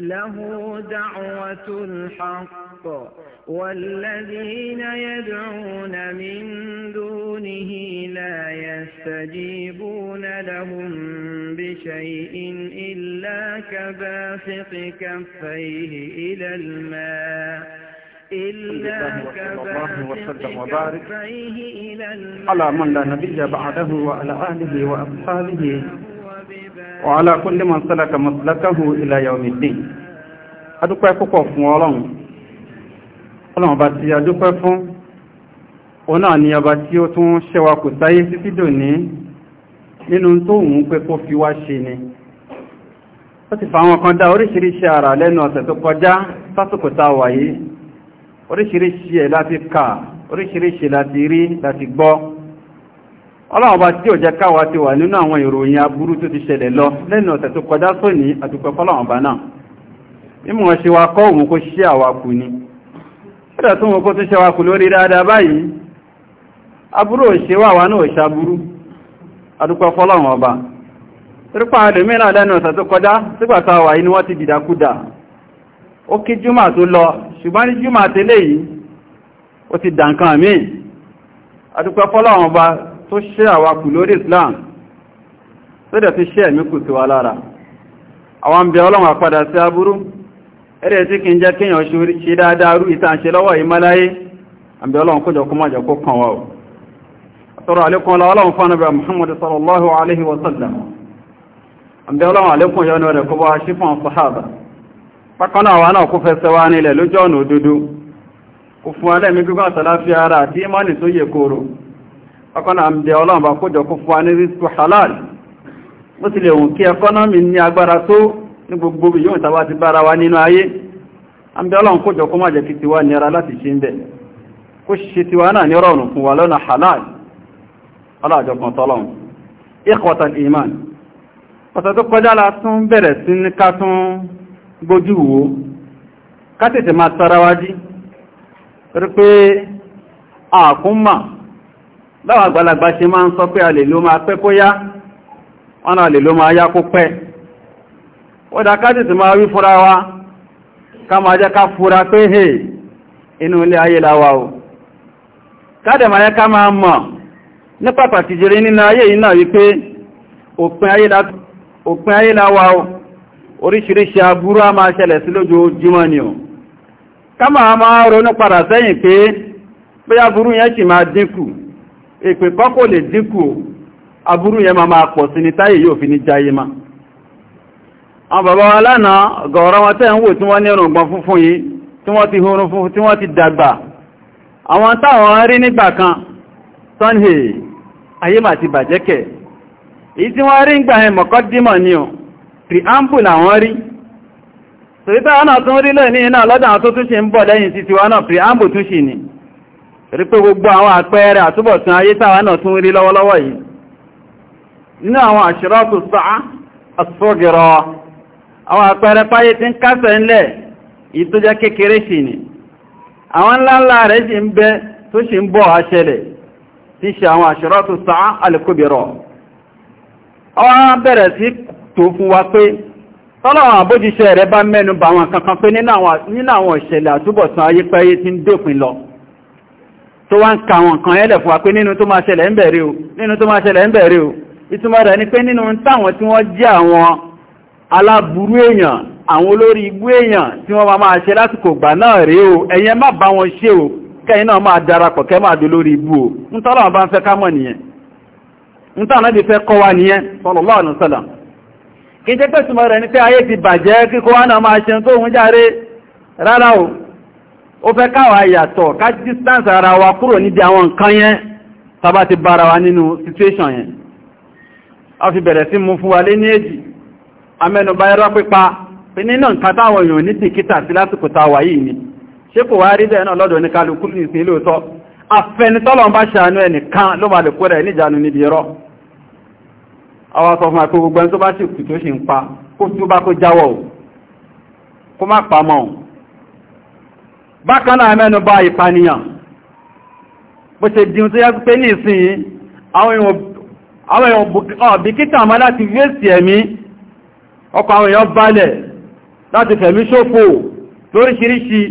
له دعوة الحق والذين يدعون من دونه لا يستجيبون لهم بشيء إلا كباسط كفيه إلى الماء إلا كباسط كفيه إلى الماء على من لا نبي بعده وعلى أهله وأصحابه وعلى كل من سلك مسلكه إلى يوم الدين adúpẹ́ púpọ̀ fún ọlọ́run ọlọ́run bá ti adúpẹ́ fún o náà ni ọba tí ó tún ṣẹ́wà kò sáyé títí dòní nínú tó wùn pé kó fi wá ṣe ni ó ti fàwọn kan dá oríṣiríṣi ara lẹ́nu ọ̀sẹ̀ tó kọjá sásìkò tá wà yìí oríṣiríṣi ẹ̀ láti kà oríṣiríṣi láti rí láti gbọ́ ọlọ́run bá tí ò jẹ́ káwa ti wà nínú àwọn ìròyìn aburú tó ti ṣẹlẹ̀ lọ lẹ́nu ọ̀sẹ̀ tó kọjá sóní àdúpẹ́ fọ́lọ́run náà mímọ̀ ṣe wa kọ́ òun kó ṣe àwakù ni ṣẹ́dẹ̀ tó wọn kó tó ṣe àwakù lórí dáadáa báyìí aburú òṣè wà wà náà ṣaburú àdúpẹ́ fọ́lọ́run ọba torípa ẹlòmíràn lẹ́nu ọ̀sẹ̀ tó kọjá sígbàtà wà yìí ni wọ́n ti dìdàkudà ó kí júmà tó lọ ṣùgbọ́n ní júmà tẹ́lẹ̀ yìí ó ti dànkan míì ọba tó ṣẹ́ àwa kù lórí Islam tó dẹ̀ ti ṣẹ́ ẹ̀mí kù sí wa lára àwọn ń bẹ ọlọ́run àpadà sí aburú ẹ̀rẹ́ tí kí ń jẹ́ kíyàn ṣe dáadáa rú lọ́wọ́ ìmáláyé ń ọlọ́run kó májọ kó Muhammad sallallahu alaihi wasallam ń bẹ ọlọ́run àlékún yọnu rẹ̀ kó bá ṣí fún sahaba bákan náà wà náà kó fẹsẹ̀ wá nílẹ̀ lójú ọ̀nà òdodo kò fún alẹ́mí gbígbà tàlàfíà ara àti ìmánì tó yẹ kóró ọkọ́nà àmì ọlọ́run bá kójọ kó fún wa ní rísù halal ó ti lè hùn kí ẹkọ́nọ́mì ní agbára tó ní gbogbo yóò tàbá ti bára wa nínú ayé àmì ọlọ́run kójọ kó má jẹ́ tiwa nira láti ṣe ń bẹ̀ kó ṣe tiwa náà ní rọrùn fún wa lọ́nà halal ọlọ́jọ̀kan tọ́lọ́run ikhwatal iman ọ̀sẹ̀ tó kọjá la tún bẹ̀rẹ̀ sí ní ká tún gbójú láwọn àgbàlagbà ṣe máa ń sọ pé a lè ló máa pẹ́ kó yá wọ́n náà lè ló máa yá kó pẹ́ ó dá ká tètè máa wí fúnra wa ká máa jẹ́ ká fúra pé hè inú ilé ayé láwa o káàdẹ̀ máa yẹ ká máa mọ̀ ní pàtàkì jẹrẹ nínú ayé yìí náà wípé òpin ayé láwa o oríṣiríṣi aburú a máa ṣẹlẹ̀ sí lójoojúmọ́ ni o ká máa máa ronú padà sẹ́yìn pé bóyá burú yẹn sì máa dínkù èpè kò lè dínkù aburu ya ma máa pọ̀ sí ni táyé yóò fi ní jayé ma àwọn bàbá wa lánàá gọ̀ọ̀rọ̀ wọn tẹ́ ń wò tí wọ́n ní ọ̀rùngbọ̀n funfun yìí tí wọ́n ti horun funfun tí wọ́n ti dàgbà àwọn táwọn rí nígbà kan sunday ayé ti rí pé gbogbo àwọn àpẹẹrẹ àtúbọ̀tún ayé tàwa náà tún rí lọ́wọ́lọ́wọ́ yìí nínú àwọn àṣírọ́tù sáà àṣọ́gẹ̀rọ àwọn àpẹẹrẹ páyé tí ń kásẹ̀ ńlẹ̀ yìí kékeré sí ni àwọn ńláńlá rẹ̀ sì ń bẹ tó sì ń bọ̀ àṣẹlẹ̀ tí ṣe àwọn àṣírọ́tù àwọn bẹ̀rẹ̀ tọ́lọ́wọ̀n àbójíṣẹ́ rẹ̀ bá mẹ́nu bà kankan pé nínú àwọn ìṣẹ̀lẹ̀ àtúbọ̀tán ayé pẹ́yé tí ń dópin lọ tó wá ń ka àwọn nǹkan ẹlẹ̀ fún wa pé nínú tó máa ṣẹlẹ̀ ń bẹ̀rẹ̀ o nínú tó máa ṣẹlẹ̀ ń bẹ̀rẹ̀ o ìtumọ̀ rẹ̀ ni pé nínú táwọn tí wọ́n jẹ́ àwọn aláburú èèyàn àwọn olórí igbó èèyàn tí wọ́n máa máa ṣe lásìkò gbà náà rèé o ẹ̀yẹn má bá wọn ṣe o kẹ́yìn náà máa darapọ̀ kẹ́ máa dò lórí igbó o ń tọ́lọ́ bá ń fẹ́ kámọ̀ nìyẹn ń tọ́lọ́ bí ó fẹ́ káwà yàtọ̀ ká distance ara wa kúrò níbi àwọn nǹkan yẹn tàbá ti bára wa nínú situation yẹn a fi bẹ̀rẹ̀ sí mú fún wa lé ní èjì amẹ́nubá ẹrọ pípa pé nínú nǹkan táwọn èèyàn ní tìkítà sí lásìkò táwà yìí ni ṣé kò wá rí bẹ́ẹ̀ náà lọ́dọ̀ ní kálukú kó rẹ̀ pa kó tó bá kó jáwọ́ bakana náà mẹ́nu bà ìpànìyàn bó ṣe dìun tó yá pé ní ìsìn àwọn èèyàn ọ̀bìkítà máa láti si ẹ̀mí ọkọ̀ àwọn èèyàn balẹ̀ láti fẹ̀mí ṣòfò lóríṣiríṣi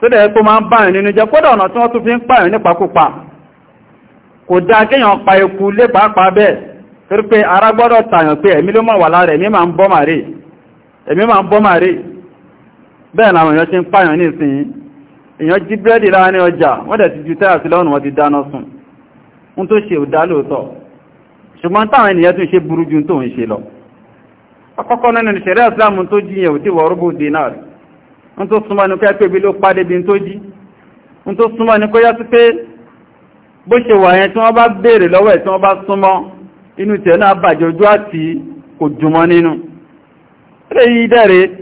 tó dẹ̀ tó máa ń báyìn nínú jẹ́ kódà ọ̀nà tí wọ́n tún fi ń pààyàn nípakúpa kò dá kéèyàn pa eku lé pàápàá bẹ́ẹ̀ torí pé ara gbọ́dọ̀ tààyàn pé ẹ̀mí ló mọ̀ wà lára ẹ̀mí máa ń bọ́ màrí bẹ́ẹ̀ làwọn èèyàn ti ń pààyàn ní ìsìn èèyàn jí búrẹ́dì láwá ní ọjà wọ́n dẹ̀ ti ju táyà sí lọ́nà wọ́n ti dáná sun ń tó ṣe òdá lóòótọ́ ṣùgbọ́n táwọn ènìyàn tún ṣe burú ju tó ń ṣe lọ àkọ́kọ́ nínú ìṣẹ̀rẹ́ islam dinar ń tó súnmọ́ ní kóyá pé bí ló pàdé bí tó jí ń tó súnmọ́ ní kóyá sí pé bó ṣe wà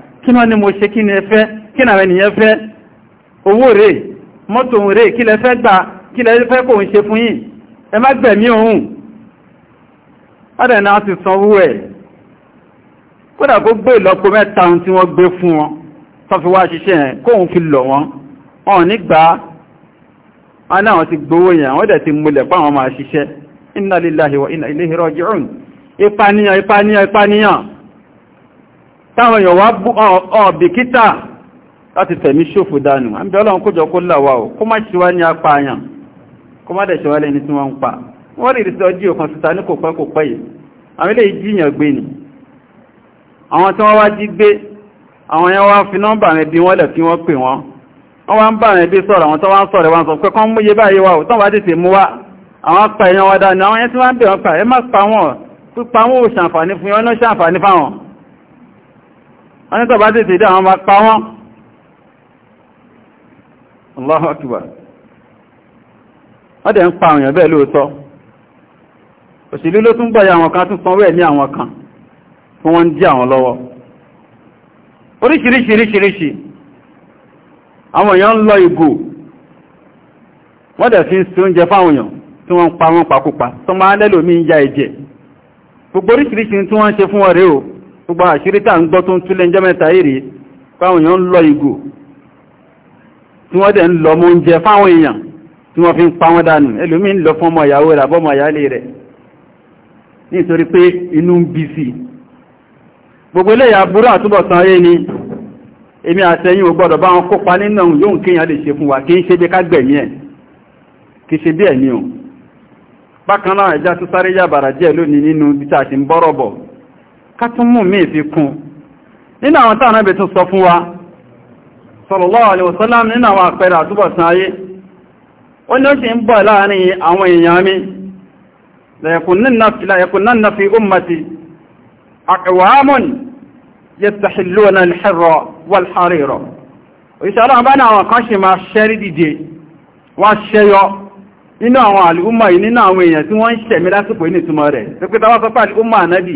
kí náà ni mo ṣe kí ni ẹ fẹ́ kí náà ènìyàn fẹ́ owó rẹ̀ mọ́tò rẹ̀ kí lẹ fẹ́ gbà kí lẹ fẹ́ kò ń ṣe fún yín ẹ má gbẹ̀mí ohun ọ̀dẹ̀ náà ti sanwó ẹ̀ kódà kó gbé ìlọ́po mẹ́ta tí wọ́n gbé fún wọn tó fi wá ṣiṣẹ́ yẹn kóhun wa inna ilayhi raji'un ìpànìyàn ìpànìyàn ìpànìyàn táwọn èèyàn wá ọ̀bìkítà láti tẹ̀mí ṣòfò dánù àmì ọlọ́run kójọ kó láwà ò kó má ṣe wá ní apá àyàn kó má dẹ̀ṣẹ̀ wá lẹ́ni tí wọ́n ń pa wọ́n lè rí sí ọdí òkan síta ní kò pẹ́ kò pẹ́ yìí àwọn ilé ìjìyàn gbé ni àwọn tí wọ́n wá jí gbé àwọn yẹn wá fi nọ́mbà rẹ̀ bí wọ́n lẹ̀ kí wọ́n pè wọ́n wọ́n wá ń bà rẹ̀ bí sọ̀rọ̀ àwọn wọ́n ní tọ́bá tètè dá àwọn bá pa wọ́n Allahu Akbar wọ́n dẹ̀ ń pa àwọn èèyàn bẹ́ẹ̀ lóòótọ́ òṣèlú ló tún gbọ́ya àwọn kan tún sanwó ẹ̀ ní àwọn kan tí wọ́n ń dí àwọn lọ́wọ́ oríṣiríṣiríṣiríṣi àwọn èèyàn ń lọ ìgò wọ́n dẹ̀ fi ń sí oúnjẹ fáwọn èèyàn tí wọ́n ń pa wọ́n pakópa tó gbogbo àṣírítà ń gbọ́ tó ń túlẹ̀ jẹ́ mẹ́ta èrè fáwọn èèyàn ń lọ ìgò tí wọ́n dẹ̀ ń lọ mọ́ oúnjẹ fáwọn èèyàn tí wọ́n fi ń pa wọ́n dànù ẹlòmí ń lọ fún ọmọ ìyàwó rẹ̀ àbọ́mọ ni èmi àtẹ̀yìn ò gbọ́dọ̀ bá wọn kópa nínú yóò kéèyàn lè ṣe fún wa kí ń ṣe bí ká gbẹ̀mí ẹ̀ kì í ṣe bí ẹ̀ ní o bákan náà ẹja tó kátúnmù míì fi kún nínú àwọn tàà náà bẹ̀tún sọ fún wa sallallahu alaihi wasallam nínú àwọn àpẹẹrẹ àtúbọ̀sán ayé ó ní ó sì ń bọ̀ láàrin àwọn èèyàn mi lẹ́yẹkùnnáà fi ummati aqwamun yastahilluna al-hirra wal-harira òṣìṣẹ́lá bá ní àwọn kan ṣe máa ṣẹ́rí dìde wọ́n ṣẹ́yọ nínú àwọn àlúmọ̀ yìí nínú àwọn èèyàn tí wọ́n ń ṣẹ̀mí lásìkò inú ìtumọ̀ rẹ̀ tó pé tàwọn sọpá àlúmọ̀ ànábì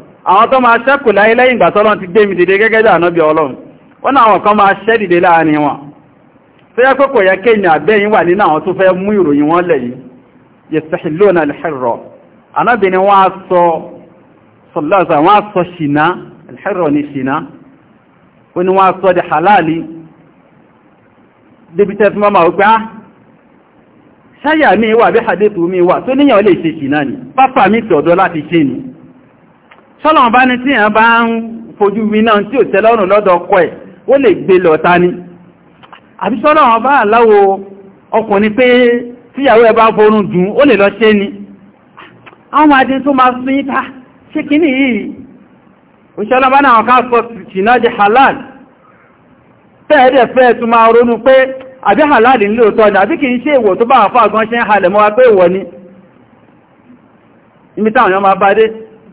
àwọn tó máa ṣẹ́kù láyé lẹ́yìn ìgbà tọ́lọ́n ti gbé mi dìde gẹ́gẹ́ bí ànábì ọlọ́run wọ́n náà àwọn kan máa ṣẹ́ dìde láàrin wọn tó yẹ kókò yẹ kéèyàn àbẹ́yìn wà nínú àwọn tó fẹ́ mú ìròyìn wọn lẹ̀ yìí yastahilluna al-hirra ànábì ni wọ́n á sọ sọ́lọ̀ bá ní tí yàn bá ń fojú mi náà tí ò tẹ́lọ́rùn lọ́dọ̀ ọkọ ẹ̀ ó lè gbé lọ ta ni àbí sọ́lọ̀ bá láwọ ọkùnrin pé tíyàwó ẹ bá forún dùn ó lè lọ ṣe ni àwọn máa tó máa sún yíká ṣé kí ní yìí òṣèlọ́ náà ká sọ ṣìná di halal halal tó ni máa bá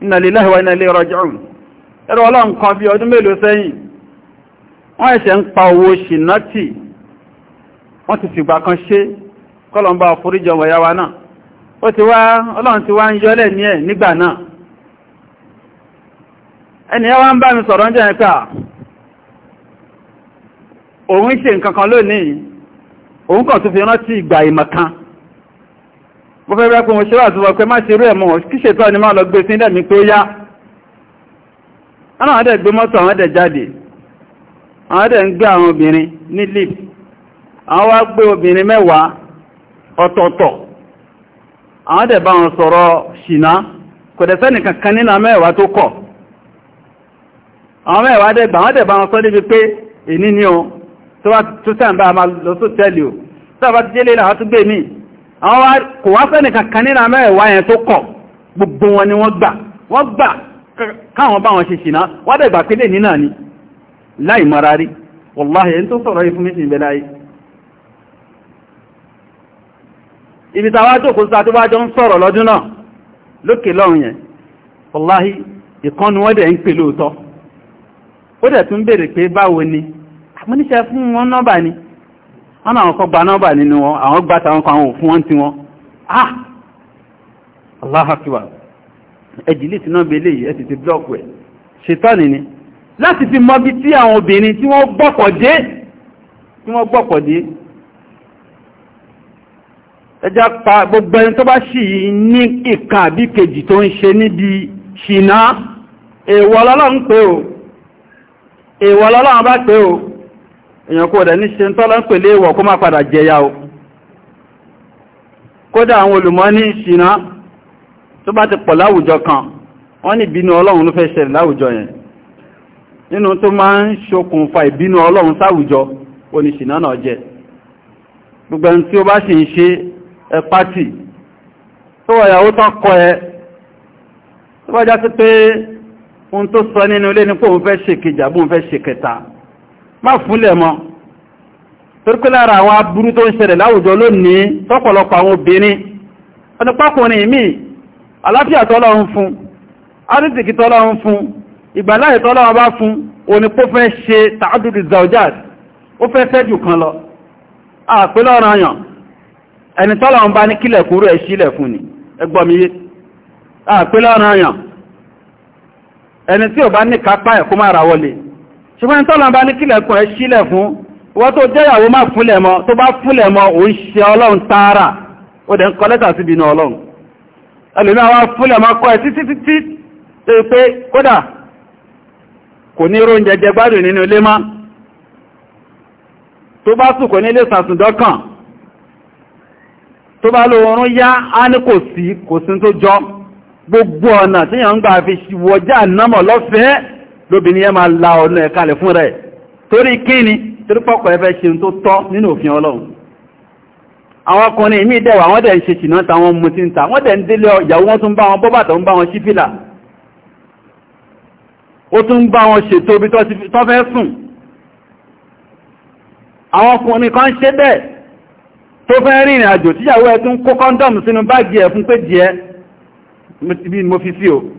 inna lillahi wa inna ilayhi raji'un ẹ̀rọ ọlọ́run kan bí ọdún mélòó sẹ́yìn wọ́n ẹ̀ṣẹ̀ ń pa owó ṣìnátì wọ́n ti fìgbà kan ṣe kọlọmbà foríjọ wọ̀yá wa náà ó ti wá ọlọ́run ti wá ń nígbà náà wọ́n fẹ́ rẹ́pọ̀ mo ṣe wà tó má ṣe rú ẹ̀mọ́ kí ṣètò ẹni máa lọ gbé sí dẹ̀mí pé yá gbé mọ́tò àwọn àdẹ̀ jáde àwọn ń gbé àwọn obìnrin ní lip àwọn wá gbé obìnrin mẹ́wàá ọ̀tọ̀ọ̀tọ̀ àwọn bá wọn sọ̀rọ̀ ṣìná kò dẹ̀ àwọn kò wá fẹ́ni kankan nínú amẹ́ẹ̀wá yẹn tó kọ̀ gbogbo wọn ni wọ́n gbà wọ́n gbà káwọn bá wọn ṣe ṣìná wọ́n dẹ̀ gbà nínà ni láì mara rí wọ́láhì ẹni tó sọ̀rọ̀ ìfún mi sì ìbẹ̀lá yìí ibi tàwà jókòó sí àti wájọ́ ń sọ̀rọ̀ lọ́dún yẹn wọ́láhì ìkọ́nu wọ́n dẹ̀ ń ó tún béèrè pé ni fún wọn ni wọ́n náà kọ́ gba nọ́bà nínú wọn àwọn gbá tàwọn kan òfin wọ́n tí wọ́n ah aláhàfíwà ẹjìlì tí náà belé yìí ẹ̀sì ti blọ́ọ̀kù ẹ̀ ṣetọ́nì ni láti fi mọ́ bí tí àwọn obìnrin tí wọ́n gbọ́kọ̀dé tí wọ́n gbọ́kọ̀dé ẹjá pa gbogbo ẹni tó bá ṣì ní ìka àbí kejì tó ń ṣe níbi ṣìnà èèwọ̀ lọ́lọ́run pé o èèwọ̀ lọ́lọ́run èyàn kó rẹ̀ ní ṣe ń tọ́lá ń pèlé ìwọ̀ kó má padà jẹyà o kódà àwọn olùmọ̀ ní ìṣìná tó bá ti pọ̀ láwùjọ kan wọ́n ní ìbínú ọlọ́run ló fẹ́ ṣẹlẹ̀ láwùjọ yẹn nínú tó máa ń ṣokùnfà ìbínú ọlọ́run sáwùjọ oníṣìná náà jẹ gbogbo tí ó bá sì ń ṣe ẹ pátì tó wà ìyàwó tán kọ ẹ tó bá já sí pé ohun tó sọ nínú ilé ní pé òun fẹ́ ṣèkejì àbí òun fẹ́ ṣèkẹta má fúnlẹ̀ mọ́ torípé lára àwọn aburú tó ń ṣẹlẹ̀ láwùjọ lónìí tọ́pọ̀lọpọ̀ àwọn obìnrin ọdúnpákùnrin míì aláfíà tọ́lọ́run fún arítìkì tọ́lọ́run fún ìgbàláyè tọ́lọ́run bá fún òní pó fẹ́ ṣe tààdùdù zaujad ó fẹ́ fẹ́jù kan lọ àpélọ́rọ̀ ayàn ẹni tọ́lọ́run bá ní kílẹ̀ kúrò ẹ̀ sílẹ̀ ni ẹgbọ́miyé àpélọ́rọ̀ ayàn ṣùgbọ́n tọ́lọ̀ bá ní kílẹ̀kùn ẹ sílẹ̀ fún wọ́n tó jẹ́yàwó má fúnlẹ̀ mọ́ tó bá fúnlẹ̀ mọ́ ò ń ṣe ọlọ́run tààrà ó dẹ̀ ń kọ lẹ́tà sí ìbínú ọlọ́run ẹlòmí àwọn fúnlẹ̀ mọ́ kọ́ ẹ títí títí tó pé kódà kò ní ró oúnjẹ jẹ gbádùn nínú ilé má gbogbo ọ̀nà tíyàn ń gbà fi wọjá námọ̀ lọ́fẹ̀ẹ́ lóbìnrin yẹn máa la ọ̀nà ẹ̀kalẹ̀ fún rẹ̀ torí kíni torí pọ̀pọ̀ ẹfẹ́ ṣe tó tọ́ nínú òfin ọlọ́run àwọn ọkùnrin ìmí dẹ̀wà wọ́n dẹ̀ ń ṣe ṣìnà tàwọn mutí ń ta wọ́n dẹ̀ ń délé ìyàwó wọn tún bá wọn bọ́bàtà ń bá wọn ṣífìlà ó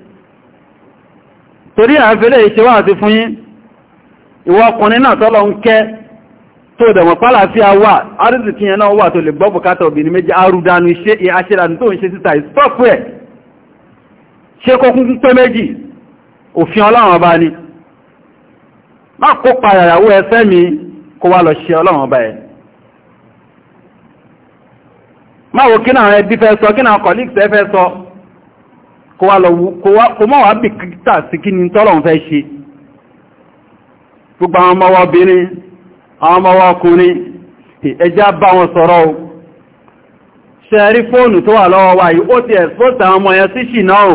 torí àfẹ́lẹ̀ ìṣẹ́wà àti fún yín ìwọ ọkùnrin náà tọ́lọ ń kẹ́ tó dẹ̀mọ̀ pálà sí àwà arìsì kí yẹn náà wà tó lè gbọ́ bùkátà obìnrin méjì arúdánú iṣẹ́ àṣírànú tó ń ṣe síta ìstọ́pù ẹ̀ ṣe kókún pé méjì òfin ọlọ́run ọba ni kó wá lọ kó mọ́ wá bìkítà sí kí ni tọ́lọ̀ fẹ́ ṣe gbogbo àwọn ọmọ wa obìnrin àwọn ọmọ wa ọkùnrin ẹjá bá wọn sọ̀rọ̀ o ṣe rí fóònù tó wà lọ́wọ́ wa yìí ó ti ẹ̀sọ́tà ọmọ ẹ̀yà sí ṣìnà o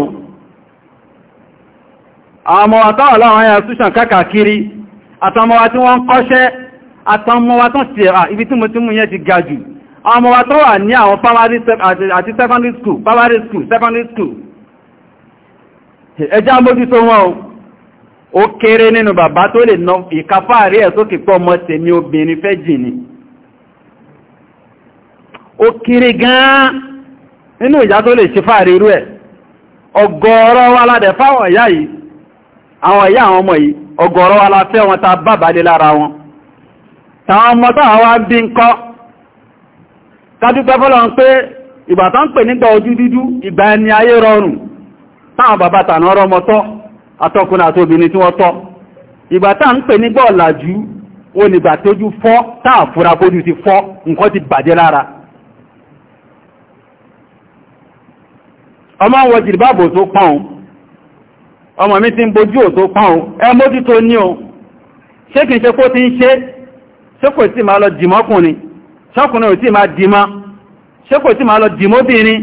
secondary school primary school secondary school ẹjá mójútó wọn o ó kéré nínú bàbá tó lè ná ìkápá rí ẹ̀ sókè pọ̀ mọ́ tèmi obìnrin fẹ́ jì ní ó kéré gan-an nínú ìyá tó lè ṣe fàárí irú ẹ̀ ọgọ́rọ̀ wa ládẹ̀ fáwọn ìyá yìí àwọn ìyá àwọn wọn ta bàbá lé lára wọn ìgbà tán pè nígbà ojú dúdú ìgbà ẹni ayé rọrùn táwọn bàbá tànà ọ̀rọ̀ ọmọ tọ́ àtọkùnrin àti obìnrin tí wọ́n tọ́ ìgbà tá ń pè nígbà ọ̀làjú onígbà tójú fọ́ táà fúra bójú ti fọ́ nǹkan ti bàjẹ́ lára ọmọ wọ jìlbáàbò tó pọ́n ọmọ mi ti ń bojú ò tó pọ́n ẹ mójú tó ní o ṣé kìí ṣe kó ti ń ṣe ṣé kò sí máa lọ dìmọ́kùnrin ṣọ́kùnrin ò tí máa dìmọ́ ṣé kò sí máa lọ dìmọ́bìnrin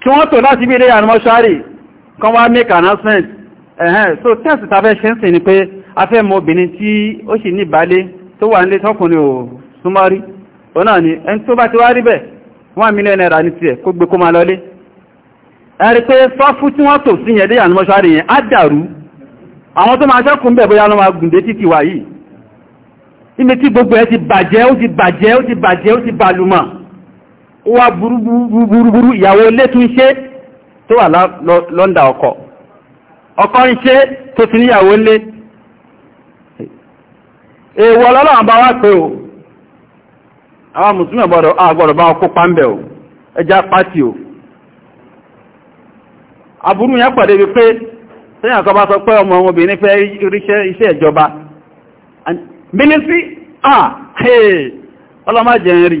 kí wọ́n tó láti bí ilé àrùmọ́ṣárì kan wá make announcement ẹ̀hẹ́n so test ta fẹ́ ṣe ń sìn ni pé a fẹ́ mọ obìnrin tí ó sì ní ìbálé tó wà nílé tọkùnrin ò súnmọ́rí ó náà ni ẹni tó bá ti wá rí bẹ̀ wọ́n mílíọ̀nù náírà ní tiẹ̀ kó gbé kó máa lọlé ẹ̀rí pé fáfú tí wọ́n tò sí yẹn dé yẹn á dàrú àwọn tó máa ṣẹ́kùn bẹ̀ bóyá lọ́mà gùndé títì wà yìí tí gbogbo ẹ ti bàjẹ́ ó ti bàjẹ́ ó ti bàjẹ́ ó ti bàlùmọ̀ ó wá burúburú ìyàwó ilé tún ṣe tó wà lọ́ndà ọkọ ọkọ ń ṣe tó ti níyàwó ilé èèwọ̀ ọlọ́lọ́wọ́n bá wá pé o àwọn mùsùlùmí àgbọ̀rọ̀ bá ọkọ̀ pàmbẹ̀ o ẹjá pàtì o àbúrú yẹn pàdé bí pé tẹ́yàn kọba sọ pé ọmọ ọmọbìnrin fẹ́ ríṣẹ́ ah hey ọlọ́mọ jẹ́ rí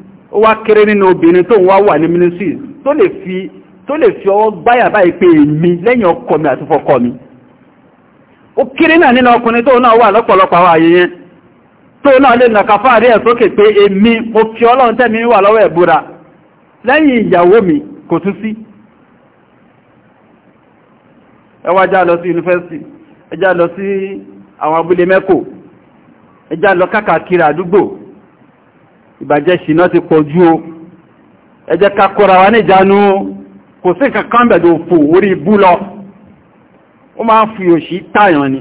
ó wá kéré nínú obìnrin tó ń wá wà ní ministry tó lè fi ipe ọwọ́ leyin báyìí mi lẹ́yìn ọkọ mi àti fọkọ mi ó kéré náà nínú ọkùnrin tó náà wà lọ́pọ̀lọpọ̀ àwọn ayẹyẹ tó náà lè nàkà fáàrí ẹ̀ sókè pé èmi mo fi ọlọ́run tẹ́mi wà lọ́wọ́ ẹ̀búra mi kò ẹ lọ ẹ lọ sí àwọn ẹ lọ káàkiri àdúgbò ìbàjẹ́ ṣìná ti pọ̀ jú o ẹ jẹ́ ká kóra wa níjànú kò sí nǹkan kan bẹ̀dọ̀ fò orí ibú lọ ó máa ń fi òṣì táyàn ni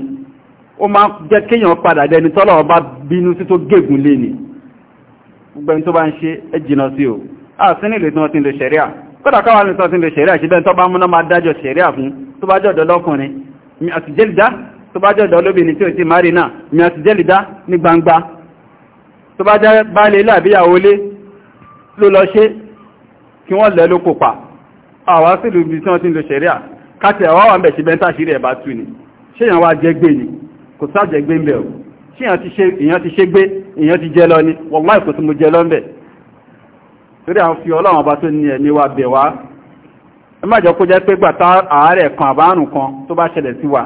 ó máa ń jẹ́ kéèyàn padà dẹni tọ́lọ̀ ọba bínú sí tó gégùn lé ni gbogbo ẹni tó bá ń ṣe ẹ jìnà sí o a sí nílé tí wọ́n ti ń lo ṣẹ̀ríà tó bá jẹ́ bá lè láàbíyàwó lé ló lọ ṣe kí wọ́n lẹ́ ló kópa àwọn sílù bí tí wọ́n ti ń lo ṣẹ̀ríà káti àwọn àwọn bẹ̀ sí bẹ́ntà sí rẹ̀ bá tú ni ṣe èyàn wá ni kò sá jẹ́gbé ń bẹ̀ o ṣe èyàn ti ṣe gbé èyàn ti jẹ́ lọ ni wọ́n kò kó jẹ́ pé gbàtà àárẹ̀ kan àbárùn kan tó bá ṣẹlẹ̀ sí wa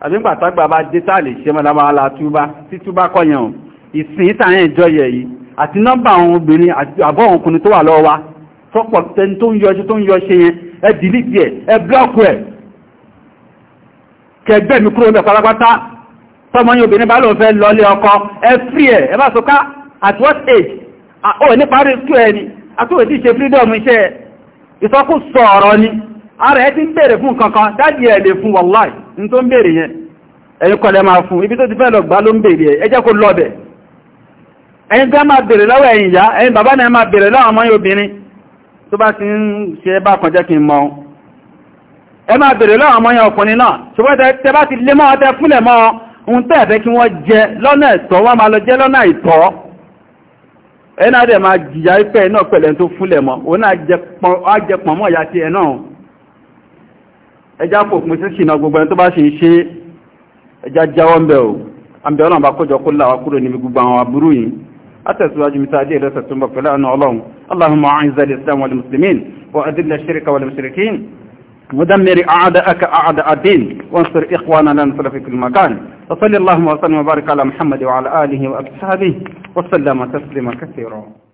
àbí gbàtà gbà bá dé ṣe mọ́lá máa la túbá tí túbá kọ̀yàn ìsìn tàà ẹjọ́ yẹ yìí àti nọ́mbà àwọn obìnrin àbọ̀ àwọn ọkùnrin tó wà lọ́wọ́ wa tọ́pọ̀ tẹni tó ń yọṣe tó ń yọṣe yẹn ẹ dìlítì ẹ̀ ẹ blọ́ọ̀kù ẹ̀ kẹgbẹ́ mi kúrò lẹ̀ pátápátá tọ́mọ yín obìnrin bá lóun lọlé ọkọ ẹ frí ẹ̀ ẹ bá sọ ká at what age ó ní parí kú ẹ ni àtúwò tí ṣe freedom iṣẹ́ ìsọkúsọ ọ̀rọ̀ ni ara ẹ ti ń bèèrè fún kankan dájì lè fún ní tó ń bèèrè yẹn ẹ̀yìn kọlẹ̀ máa fún ibi tó ti fẹ́ lọ gbá ló ń bèèrè ẹ jẹ́ kó ẹ̀yin tó máa bèèrè lọ́wọ́ ẹ̀yin ìyá ẹ̀yin bàbá náà máa bèèrè lọ́wọ́ ọmọ obìnrin tó bá ti ń ṣe bá kan jẹ́ kí n mọ̀ ẹ máa bèèrè lọ́wọ́ ọmọ ọkùnrin náà ṣùgbọ́n tẹ bá ti lé mọ́ ọtẹ fúnlẹ̀ mọ́ ohun tẹ́ ẹ̀fẹ́ kí wọ́n jẹ lọ́nà ẹ̀tọ́ wọ́n máa lọ jẹ lọ́nà ìtọ́ ẹ dẹ̀ máa jìyà ipẹ́ náà pẹ̀lẹ̀ tó fúnlẹ̀ mọ́ òun náà jẹ pọ̀ mọ́ ìyá ti ẹ̀ ẹjá fòpin sí ṣìnà gbogbo ẹni tó bá ṣe ń ṣe ẹjá jáwọ́ ń bẹ̀ ò àmì ọ̀nà àbákọ́jọ kó láwá kúrò níbi gbogbo àwọn aburú yìí أتسواج متاجير لستنبق فلا أنه اللهم اللهم أعز الإسلام والمسلمين وأذل الشرك والمشركين ودمر أعداءك أعداء الدين وانصر إخواننا نصر في كل مكان وصلى اللهم وسلم وبارك على محمد وعلى آله وأصحابه وسلم تسليما كثيرا